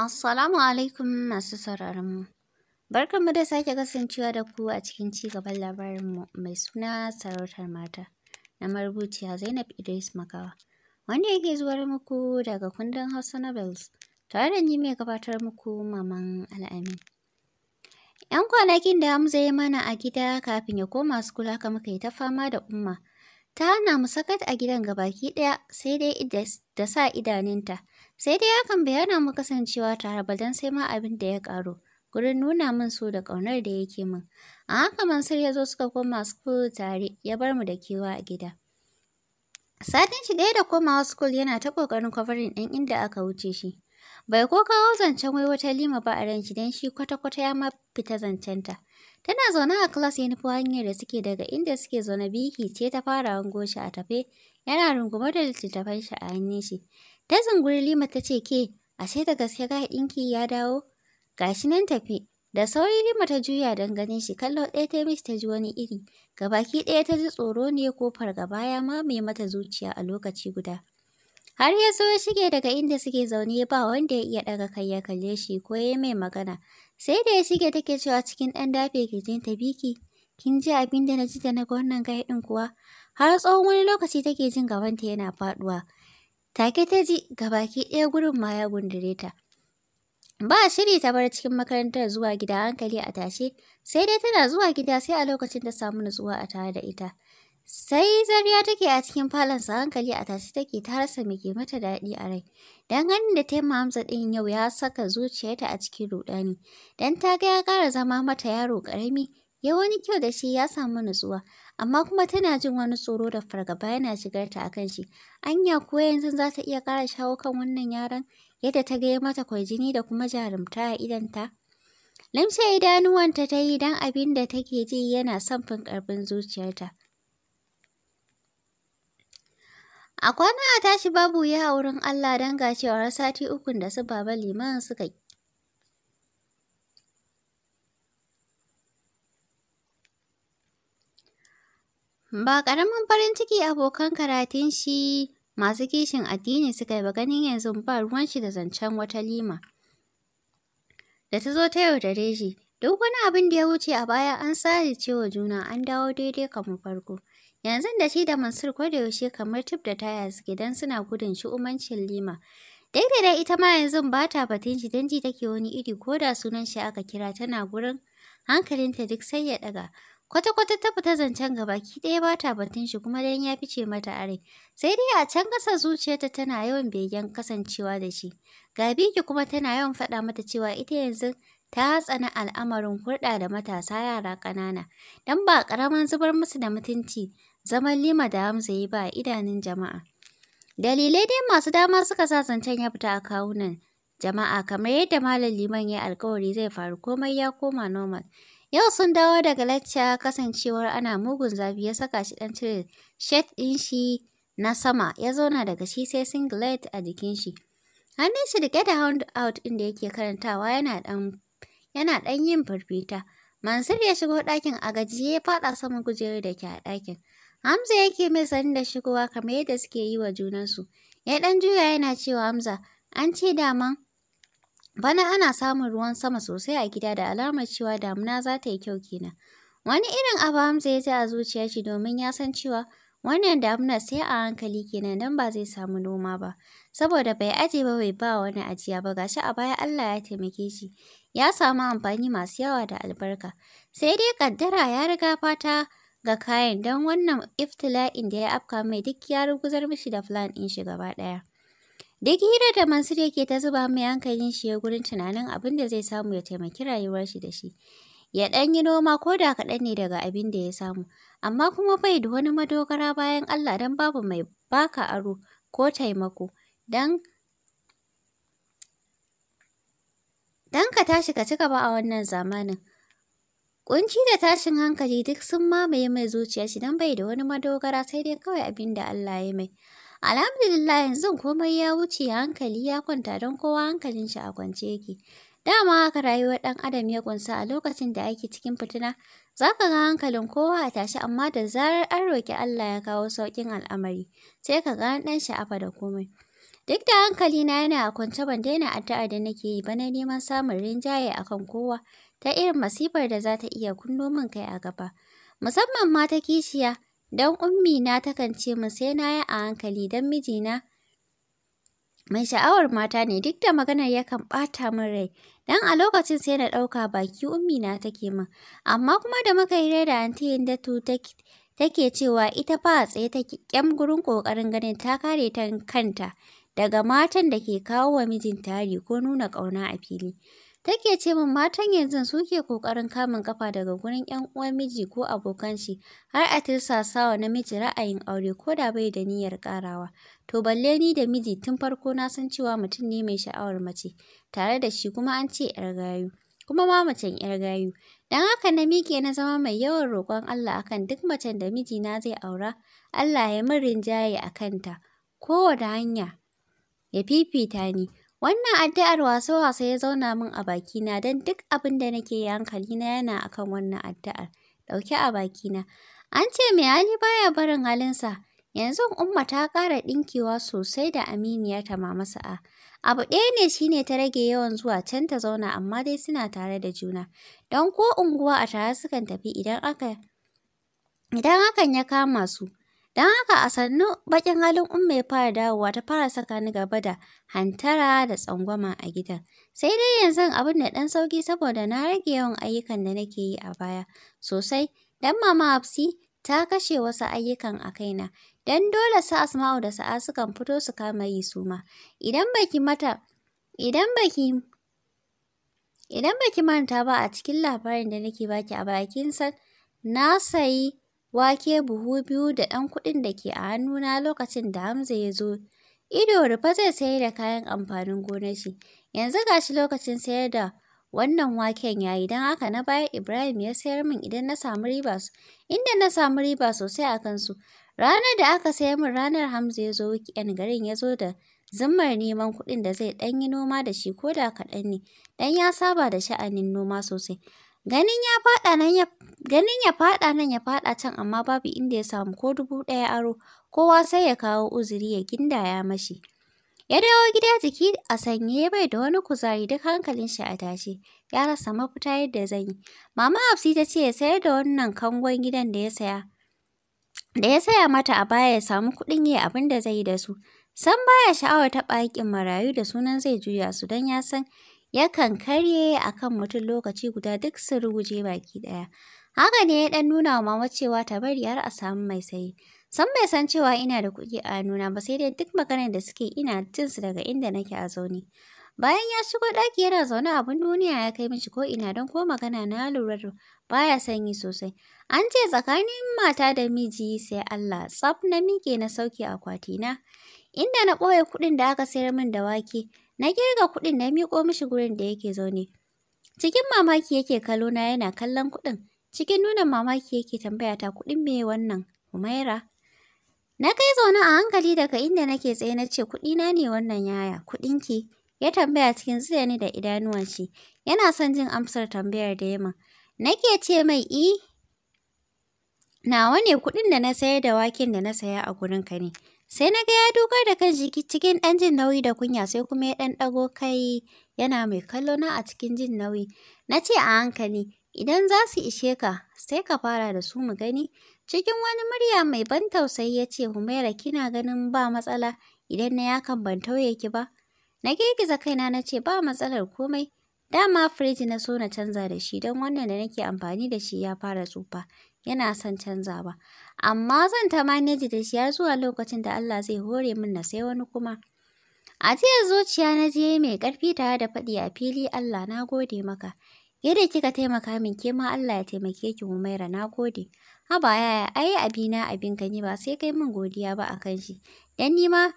Assalamu alaikum masu sauraronmu. Barkanmu da sake kasancewa da ku a cikin ci gaban labarinmu mai suna sarautar mata na marubuciya Zainab Idris Makawa, wanda yake zuwar muku daga kundin Hausa Novels tare da ni mai gabatar muku Maman Al'amin. ‘Yan kwanakin da Hamza ya mana a gida kafin ya koma su kula ka muka yi ta fama da umma Ta hana mu a gidan gabaki ɗaya sai dai da sa idanunta. Sai dai hakan bai hana mu kasancewa tare ba don sai ma abin da ya ƙaru. Gurin nuna min so da ƙaunar da yake min. A haka Mansur ya zo suka koma school tare ya bar mu da kewa a gida. Satin shi ɗaya da komawa school yana ta ƙoƙarin covering ɗin inda aka wuce shi. Bai ko kawo zancen wai wata lima ba a ranki don shi kwata-kwata ya ma fita zancenta. Tana zaune a class ya nufi hanyar da suke daga inda suke zaune biki ce ta fara hango shi a tafe, yana rungume da littattafan shi a hannun shi. Ta zunguri lima ta ce ke, ashe da gaske ga ɗinki ya dawo? Gashi nan tafi. Da sauri Lima ta juya don ganin shi kallo ɗaya ta mishi ta ji wani iri, gabaki ɗaya ta ji tsoro ne ko fargaba ya mamaye mata zuciya a lokaci guda. Har ya zo ya shige daga inda suke zaune ba wanda ya iya daga kai ya kalle shi ko ya mai magana. Sai da ya shige take cewa cikin ɗan dafe ke ta biki. Kin ji abin da na ji da na ga wannan gaɗin kuwa? Har tsawon wani lokaci take jin gaban ta yana faɗuwa. Take ta ji baki ɗaya gurin ma ya gundure ta. Ba shiri ta bar cikin makarantar zuwa gida hankali a tashe, sai dai tana zuwa gida sai a lokacin ta samu nutsuwa a tare da ita. Sai zariya take a cikin falon sa hankali a tashi take ta rasa mai ke mata daɗi a rai. Dan ganin da taimma Hamza ɗin yau ya saka zuciyarta a cikin rudani. Dan ta ga ya kara zama mata yaro karami ya wani kyau da shi ya samu nutsuwa, amma kuma tana jin wani tsoro da fargaba yana shigar ta akan shi. Anya ko yanzu za ta iya kara shawo kan wannan yaran? yadda ta gaya mata jini da kuma jarumta a idanta. lamsa idanuwanta ta yi don abin da take ji yana son fin zuciyarta. A kwana a tashi babu ya a wurin Allah don ga sati ukun da su baba liman suka yi. Ba ƙaramin farin ciki abokan karatun shi masu kishin addini suka yi ba ganin yanzu ba ruwan shi da zancen wata lima. Da ta zo ta yaudare shi, duk wani abin da ya wuce a baya an sare cewa juna an dawo daidai kamar farko. Yanzu da shi da Mansur yaushe kamar tif da taya suke suna gudun shi umancin lima. Daidai ita ma yanzu ba ta batun shi don ji take wani iri ko da sunan shi aka kira tana gurin hankalinta duk sai ya ɗaga. Kwata-kwata ta fita zancen ki ɗaya ba ta batun shi kuma dan ya fice mata are. Sai dai a can kasa zuciyarta tana yawan begen kasancewa da shi. Ga biki kuma tana yawan faɗa mata cewa ita yanzu ta tsana al'amarin hulɗa da matasa yara ƙanana. Dan ba ƙaramin zubar musu da mutunci zaman Lima da Hamza yi ba a idanun jama'a. Dalilai dai masu dama suka sa zancen ya fita a kawunan jama'a kamar yadda Malam Liman ya alkawari zai faru komai ya koma normal. Yau sun dawo daga lacca kasancewar ana mugun zafi ya saka shi dan cire shet din shi na sama ya zauna daga shi sai singlet a jikin shi. Hannun shi riƙe da hound out ɗin da yake karantawa yana ɗan yana ɗan yin firfita. Mansur ya shigo ɗakin a gajiye ya faɗa saman kujeru da ke a ɗakin. Hamza yake mai sani da shigowa kamar yadda suke yi wa junansu. Ya ɗan juya yana cewa Hamza, an ce daman bana ana samun ruwan sama sosai a gida da alamar cewa damuna za ta yi kyau kenan. Wani irin abu Hamza ya ji a zuciya shi domin ya san cewa wannan damuna sai a hankali kenan don ba zai samu noma ba. Saboda bai aje ba bai ba wani ajiya ba gashi a baya Allah ya taimake shi. Ya samu amfani masu yawa da albarka. Sai dai kaddara ya riga fata ga kayan don wannan iftila'in da ya afka mai duk ya ruguzar mishi da plan ɗin shi gaba ɗaya. Duk hira da Mansur yake ta zuba mai hankalin shi ya gurin tunanin abin da zai samu ya taimaki rayuwar shi da shi. Ya ɗan yi noma ko da kaɗan ne daga abin da ya samu, amma kuma bai da wani madogara bayan Allah don babu mai baka aro ko taimako don Dan ka tashi ka ci gaba a wannan zamanin. Ƙunci da tashin hankali duk sun mamaye mai zuciya shi don bai da wani madogara sai dai kawai abin da Allah ya mai. Alhamdulillah yanzu komai ya wuce hankali ya kwanta don kowa hankalin shi a kwance yake. Dama haka rayuwar ɗan adam ya kunsa a lokacin da ake cikin fitina, za ka ga hankalin kowa a tashi amma da zarar an roki Allah ya kawo saukin al'amari, sai ka ga dan ɗan sha'afa da komai. Duk da hankali na yana a kwance ban daina addu'a da nake yi ba na neman samun rinjaye a kan kowa ta irin masifar da za ta iya kunno min kai a gaba. Musamman ma ta kishiya, don ummi na takan ce min sai na yi a hankali don mijina mai sha'awar mata ne duk da maganar yakan ɓata min rai dan a lokacin sai na ɗauka baki ummi na take min amma kuma da muka yi da anti Hindatu take cewa ita fa a tsaye take kyam gurin ƙoƙarin ganin ta kare ta kanta daga matan da ke kawo wa mijin tari ko nuna ƙauna a fili. Take ce min matan yanzu suke ƙoƙarin kamun kafa daga gurin ƴan uwan miji ko abokan shi har a tirsasa wa namiji ra'ayin aure ko da bai da niyyar ƙarawa. To balle ni da miji tun farko na san cewa mutum ne mai sha'awar mace tare da shi kuma an ce 'yar gayu. kuma ma macen 'yar gayu. Dan haka na miƙe na zama mai yawan roƙon Allah akan duk macen da mijina zai aura, Allah ya min rinjaye a kanta, kowane hanya, ya fifita ni. Wannan addu'ar wasa-wasa ya zauna min a bakina don duk abin da nake yi na yana akan wannan addu'ar ɗauke a bakina. An ce mai hali baya barin halinsa. Yanzu Umma ta ƙara ɗinkewa sosai da aminiyarta Mama Sa'a. Abu ɗaya ne shi ne ta rage yawan zuwa can ta zauna amma dai suna tare da juna. Don ko unguwa a tare sukan tafi idan aka idan hakan ya kama su. Don haka a sannu baƙin halin umma ya fara dawowa ta fara saka ni gaba da hantara da tsangwama a gidan. Sai dai yanzu abin da ɗan sauki saboda na rage yawan ayyukan da nake yi a baya sosai. Dan mama Hafsi ta kashe wasu ayyukan a kaina. Dan dole sa Asma'u da Sa'a sukan fito su kama yi su ma. Idan baki mata idan baki idan baki manta ba a cikin labarin da nake baki a bakin san na sayi wake buhu biyu da ɗan kuɗin da ke a hannuna lokacin da Hamza ya zo. Ido rufe zai sayar da kayan amfanin gonar shi. Yanzu gashi lokacin sayar da wannan waken yayi don haka na bayar Ibrahim ya sayar min idan na samu riba su. Inda na samu riba sosai a kansu. Ranar da aka sayar min ranar Hamza ya zo wikiyan garin ya zo da zimmar neman kuɗin da zai ɗan yi noma da shi ko da kaɗan ne. ɗan ya saba da sha'anin noma sosai. Ganin ya faɗa nan ya ganin ya faɗa nan ya faɗa can amma babu inda ya samu ko dubu ɗaya aro kowa sai ya kawo uzuri ya gindaya mashi ya dawo gida jiki a sanye bai da wani kuzari duk hankalin shi a tashi ya rasa mafita yadda zan yi mama hafsi ta ce ya sayar da wannan kangon gidan da ya saya da ya saya mata a baya ya samu kuɗin yi abin da zai yi da su san baya sha'awar taɓa haƙƙin marayu da sunan zai juya su don ya san yakan karye a kan mutum lokaci guda duk sun ruguje baki ɗaya. Haka ne ya ɗan nuna wa mama cewa ta bari har a samu mai sayi. San bai san cewa ina da kuɗi a nuna ba sai dai duk maganar da suke ina jin su daga inda nake a zaune. Bayan ya shigo ɗaki yana zaune abin duniya ya kai mishi ko ina don ko magana na lura da baya sanyi sosai. An ce tsakanin mata da miji sai Allah tsaf na mike na sauke akwati na. Inda na ɓoye kuɗin da aka sayar min da wake. Na kirga kuɗin na miƙo mishi gurin da yake zaune. Cikin mamaki yake kallo na yana kallon kuɗin. Cikin nuna mamaki yake tambaya ta kuɗin me wannan Humaira. Na kai zaune a hankali daga inda nake tsaye na ce kuɗina ne wannan yaya kuɗinki. Ya tambaya cikin ni da idanuwan shi. Yana son jin amsar tambayar da yamma. Nake ce mai i e, nawa ne kuɗin da na sayar da waken da na saya a gurinka ne. Sai na ga ya dogar da kan jiki cikin ɗan jin nauyi da kunya sai kuma ya ɗan ɗago kai yana mai kallo na a cikin jin nauyi. Na ce a hankali, idan za su ishe ka sai ka fara da su mu gani. Cikin wani murya mai ban tausayi ya ce Humaira kina ganin ba matsala idan na yakan ban tauye ki ba. Na girgiza kaina na ce ba matsalar komai. Dama firiji na so na canza da shi don wannan da nake amfani da shi ya fara tsufa. yana son canzawa. Amma zan ta maneji da shi har zuwa lokacin da Allah zai hore min na sai wani kuma. A jiya zuciya na je mai ƙarfi tare da faɗi a fili Allah na gode maka. Yadda kika taimaka min ke ma Allah ya taimake ki Humaira na gode. Haba yaya ai abina abin ka ba sai kai min godiya ba akan shi. Dan ni ma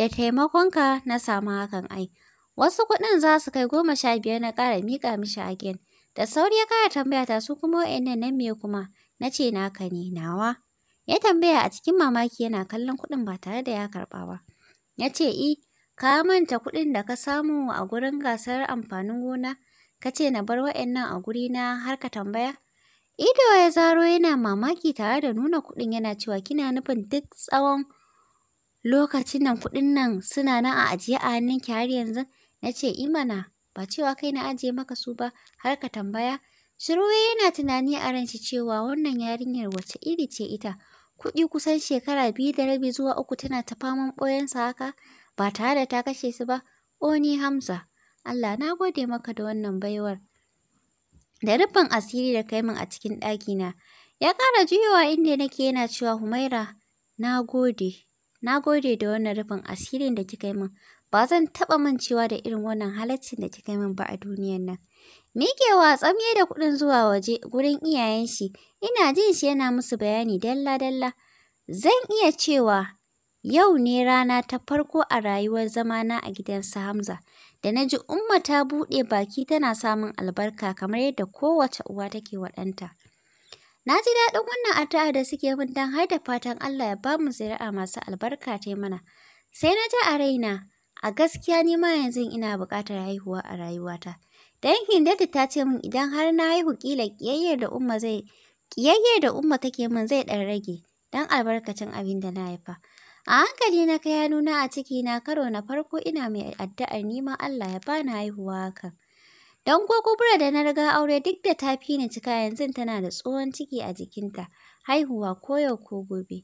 da taimakonka na samu hakan ai. Wasu kuɗin za su kai goma sha biyar na ƙara miƙa mishi gen. Da sauri ya kara tambaya ta su kuma wa'annan nan me kuma. Na ce naka ne, nawa. Ya tambaya a cikin mamaki yana kallon kuɗin ba tare da ya karɓa ba. Ya ce, I, eh, ka manta kuɗin da ka samu a gurin gasar amfanin gona, ka ce na bar wa'annan a guri na, har ka tambaya? Ido ya zaro yana mamaki tare da nuna kuɗin yana cewa kina nufin duk tsawon lokacin nan kuɗin nan suna nan a ajiye a hannunki har yanzu? Na ce, I eh mana, ba cewa kai na ajiye maka su ba, har ka tambaya? Shirwe yana tunani a shi cewa wannan yarinyar wace iri ce ita. Kuɗi kusan shekara biyu da rabi zuwa uku tana ta faman ɓoyensa haka ba tare da ta kashe su ba. oni Hamza, Allah na gode maka da wannan baiwar. Da rufin asiri da kai min a cikin ɗakina. Ya ƙara juyowa inda nake yana cewa Humaira, na gode. Na gode da wannan rufin asirin da kika yi min. Ba zan taɓa mancewa da irin wannan halaccin da kika min ba a duniyan nan. mikewa tsamye da kuɗin zuwa waje gurin iyayen shi, ina jin shi yana musu bayani dalla-dalla. Zan iya cewa yau ne rana ta farko a rayuwar zamana a gidan su Hamza, da na ji Umma ta buɗe baki tana samun albarka kamar yadda kowace uwa take waɗanta. Na ji daɗin wannan addu'a da suke min don har da fatan Allah ya bamu mu zuri'a masu albarka ta mana. Sai na ji a raina, A gaskiya ni ma yanzu ina buƙatar haihuwa a rayuwata. Dan Hindatu ta ce min idan har na haihu kila ƙiyayyar da Umma zai ƙiyayyar da Umma take min zai ɗan rage dan albarkacin abin da na haifa. A hankali na kai nuna a ciki na karo na farko ina mai addu'ar ma Allah ya bani haihuwa hakan. Dan ko kubura da na riga aure duk da ta fi ni cika yanzu tana da tsohon ciki a jikinta, haihuwa ko yau ko gobe.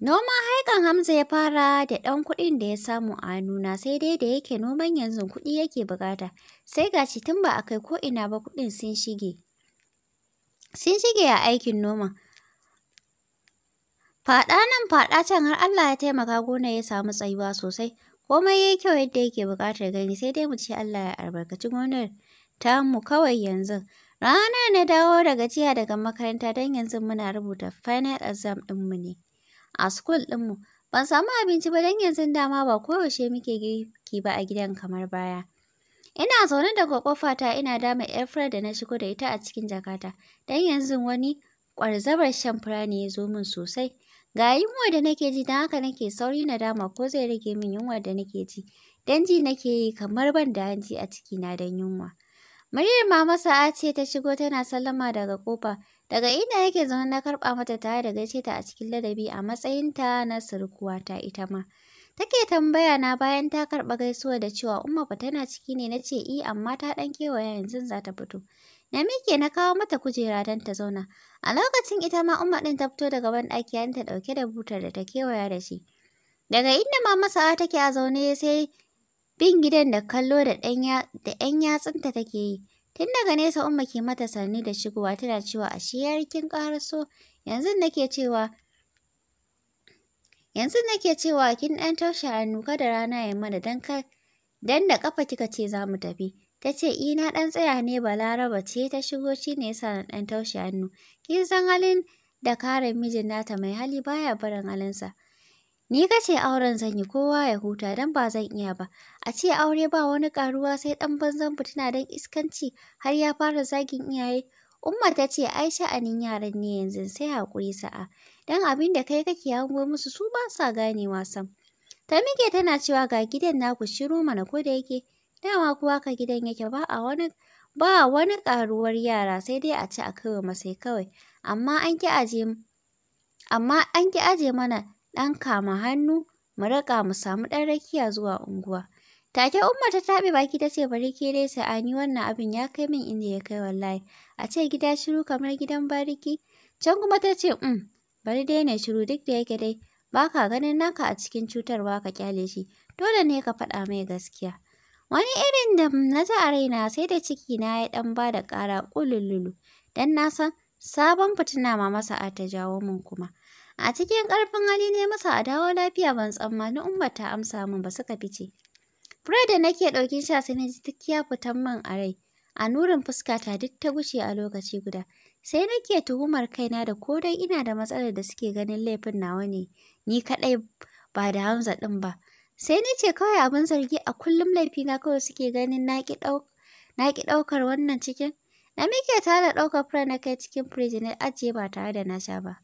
Noma haikan Hamza ya fara da ɗan kuɗin da ya samu a nuna, sai dai da yake noman yanzu kuɗi yake bukata. Sai ga tun ba a kai ko ina ba kuɗin sun shige. Sun shige a aikin noma Faɗa nan faɗa can har Allah ya taimaka gona ya samu tsayuwa sosai. Komai ya yi kyau yadda yake bukatar gani sai dai mu ce Allah ya albarkaci gonar tamu kawai yanzu. Ranar na dawo da gajiya daga makaranta don yanzu muna rubuta final exam ɗinmu ne. a school ɗinmu. Ban samu abinci ba dan yanzu dama ba koyaushe muke girki ba a gidan kamar baya. Ina zaune daga kofata ina dama air da na shigo da ita a cikin jakata, dan yanzu wani ƙwarzabar shan fura ne ya zo min sosai. Ga yunwa da nake ji dan haka nake sauri na dama ko zai rage min yunwa da nake ji, don ji nake yi kamar ban da hanji a ciki na dan yunwa. Muryar Mama Sa'a ce ta shigo tana sallama daga kofa Daga inda yake zaune na karɓa mata tare da gaishe ta a cikin ladabi a matsayinta na ta ita ma. Take tambaya na bayan ta karɓa gaisuwa da cewa Umma ba tana ciki ne na ce i eh, amma ta ɗan kewaya yanzu za ta fito. Na miƙe na kawo mata kujera don ta zauna. A lokacin ita ma Umma ɗin ta fito daga banɗaki yayin ta ɗauke da butar da ta kewaya da shi. Daga inda ma masawa take a zaune sai bin gidan da kallo da ɗan yatsunta take yi. Tun daga nesa Umma ke mata sanni da shigowa tana cewa ashe yar kin ƙaraso yanzu nake cewa yanzu nake cewa kin ɗan taushe hannu kada rana ya mana dan ka dan da kafa kika ce za mu tafi ta ce ina eh, ɗan tsaya ne balaraba ce ta shigo shi ne yasa na ɗan taushe hannu kin san halin da kare mijin nata mai hali baya barin halinsa Ni ka ce auren zan yi kowa ya huta don ba zan iya ba. A ce aure ba wani karuwa sai ɗan banzan fitina don iskanci har ya fara zagin iyaye. Umma ta ce ai sha'anin yaran ne yanzu sai haƙuri sa'a. Don abin da kai kake hango musu su ba sa gane wasan. Ta mike tana cewa ga gidan naku shiru mana ko da yake dama kuwa ka gidan yake ba a wani ba wani karuwar yara sai dai a ci a kaiwa masai kawai. Amma an ki aje amma an ki aje mana ɗan kama hannu mu raƙa mu samu ɗan rakiya zuwa unguwa. Take Umma ta taɓe baki ta ce bari ke dai sa'ani wannan abin ya kai min inda ya kai wallahi. A ce gida shiru kamar gidan bariki. Can kuma ta ce um bari dai na shiru duk da yake dai ba ka ganin naka a cikin cutarwa ka kyale shi. Dole ne ka faɗa mai gaskiya. Wani irin da na ji a raina sai da ciki na ya ɗan ba da ƙara ƙulululu. Dan na san sabon fitina mama sa'a ta jawo min kuma. A cikin ƙarfin hali ne masa a dawo lafiya ban tsammani ummar ta amsa min ba suka fice. Fure da nake ɗaukin sha sai na ji duk ya fitan min a rai. A nurin ta duk ta gushe a lokaci guda. sai nake tuhumar kaina da ko dai ina da matsalar da suke ganin laifin nawa ne ni kaɗai ba da Hamza ɗin ba sai ni ce kawai abin zargi a kullum laifina kawai suke ganin na naki ɗaukar wannan cikin na muke tare da ɗaukar fura na kai cikin firiji na ajiye ba tare da na sha ba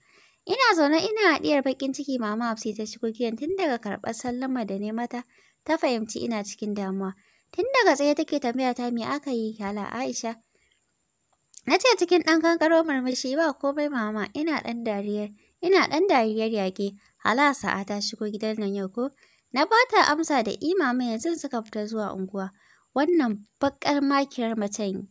Ina zaune ina haɗiyar baƙin ciki mama Hafsi ta shigo gidan tun daga karɓar sallama da ne mata ta fahimci ina cikin damuwa. Tun daga tsaye take tambaya ta me aka yi hala Aisha. Na ce cikin ɗan kankaro murmushi ba komai mama ina ɗan dariyar ina ɗan dariyar yaƙi hala sa'a ta shigo gidan nan yau ko. Na bata amsa da imama eh, yanzu suka fita zuwa unguwa. Wannan baƙar makiyar macen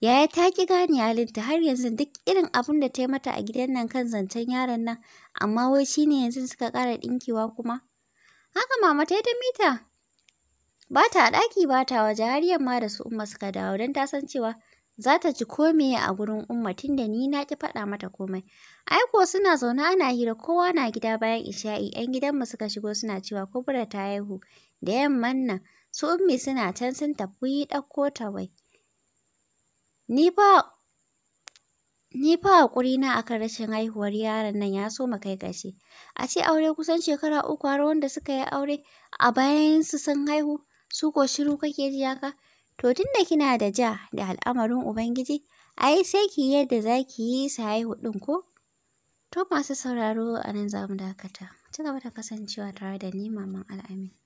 Yaya ta ki gane halinta har yanzu duk irin abin da ta yi mata a gidan nan kan zancen yaron nan, amma wai shi ne yanzu suka ƙara ɗinkewa kuma. Haka mama ta yi ta mita. Ba ta a ɗaki ba ta waje har yamma da su Umma suka dawo don ta san cewa za ta ci ko meye a gurin Umma da ni na ki faɗa mata komai. Ai ko suna zaune ana hira kowa na gida bayan isha'i 'yan gidanmu suka shigo suna cewa kubura ta haihu da yamman nan su Ummi suna can sun tafi ɗauko ta wai. Ni fa Ni fa na akan rashin haihuwar yaron nan ya so kai gashi. A ce aure kusan shekara uku har wanda suka yi aure a bayan su sun haihu su ko shiru kake ji haka. To tunda kina da ja da al'amarin Ubangiji, ai sai ki yadda za ki yi su haihu ɗin ko? To masu sauraro a nan za mu dakata. Ci gaba da kasancewa tare da ni Maman Al'amin.